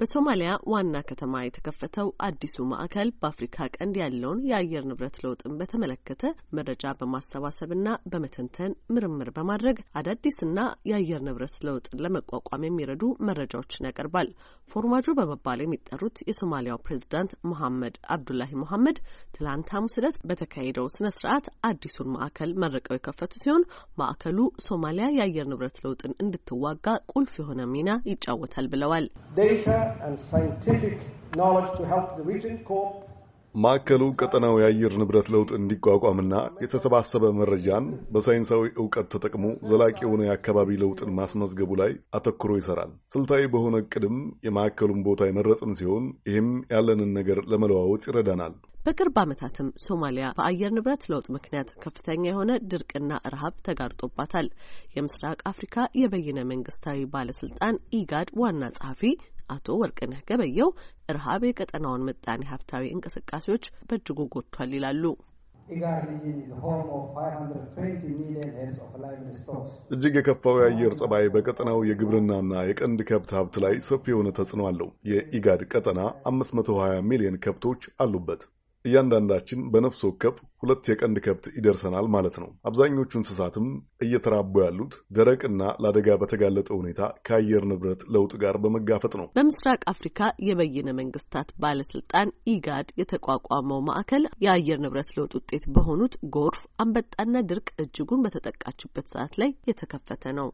በሶማሊያ ዋና ከተማ የተከፈተው አዲሱ ማዕከል በአፍሪካ ቀንድ ያለውን የአየር ንብረት ለውጥን በተመለከተ መረጃ በማሰባሰብና በመተንተን ምርምር በማድረግ አዳዲስና የአየር ንብረት ለውጥን ለመቋቋም የሚረዱ መረጃዎችን ያቀርባል። ፎርማጆ በመባል የሚጠሩት የሶማሊያው ፕሬዚዳንት መሐመድ አብዱላሂ መሐመድ ትላንት ሐሙስ ዕለት በተካሄደው ስነ ስርዓት አዲሱን ማዕከል መርቀው የከፈቱ ሲሆን ማዕከሉ ሶማሊያ የአየር ንብረት ለውጥን እንድትዋጋ ቁልፍ የሆነ ሚና ይጫወታል ብለዋል። ማዕከሉ ቀጠናው የአየር ንብረት ለውጥ እንዲቋቋምና የተሰባሰበ መረጃን በሳይንሳዊ እውቀት ተጠቅሞ ዘላቂ የሆነ የአካባቢ ለውጥን ማስመዝገቡ ላይ አተኩሮ ይሰራል። ስልታዊ በሆነ ቅድም የማዕከሉን ቦታ የመረጥን ሲሆን ይህም ያለንን ነገር ለመለዋወጥ ይረዳናል። በቅርብ ዓመታትም ሶማሊያ በአየር ንብረት ለውጥ ምክንያት ከፍተኛ የሆነ ድርቅና ረሃብ ተጋርጦባታል። የምስራቅ አፍሪካ የበይነ መንግስታዊ ባለስልጣን ኢጋድ ዋና ጸሐፊ አቶ ወርቅነህ ገበየው ረሃብ የቀጠናውን ምጣኔ ሀብታዊ እንቅስቃሴዎች በእጅጉ ጎድቷል ይላሉ። እጅግ የከፋው የአየር ጸባይ በቀጠናው የግብርናና የቀንድ ከብት ሀብት ላይ ሰፊ የሆነ ተጽዕኖ አለው። የኢጋድ ቀጠና 520 ሚሊዮን ከብቶች አሉበት። እያንዳንዳችን በነፍስ ወከፍ ሁለት የቀንድ ከብት ይደርሰናል ማለት ነው። አብዛኞቹ እንስሳትም እየተራቡ ያሉት ደረቅና ለአደጋ በተጋለጠ ሁኔታ ከአየር ንብረት ለውጥ ጋር በመጋፈጥ ነው። በምስራቅ አፍሪካ የበይነ መንግስታት ባለስልጣን ኢጋድ የተቋቋመው ማዕከል የአየር ንብረት ለውጥ ውጤት በሆኑት ጎርፍ፣ አንበጣና ድርቅ እጅጉን በተጠቃችበት ሰዓት ላይ የተከፈተ ነው።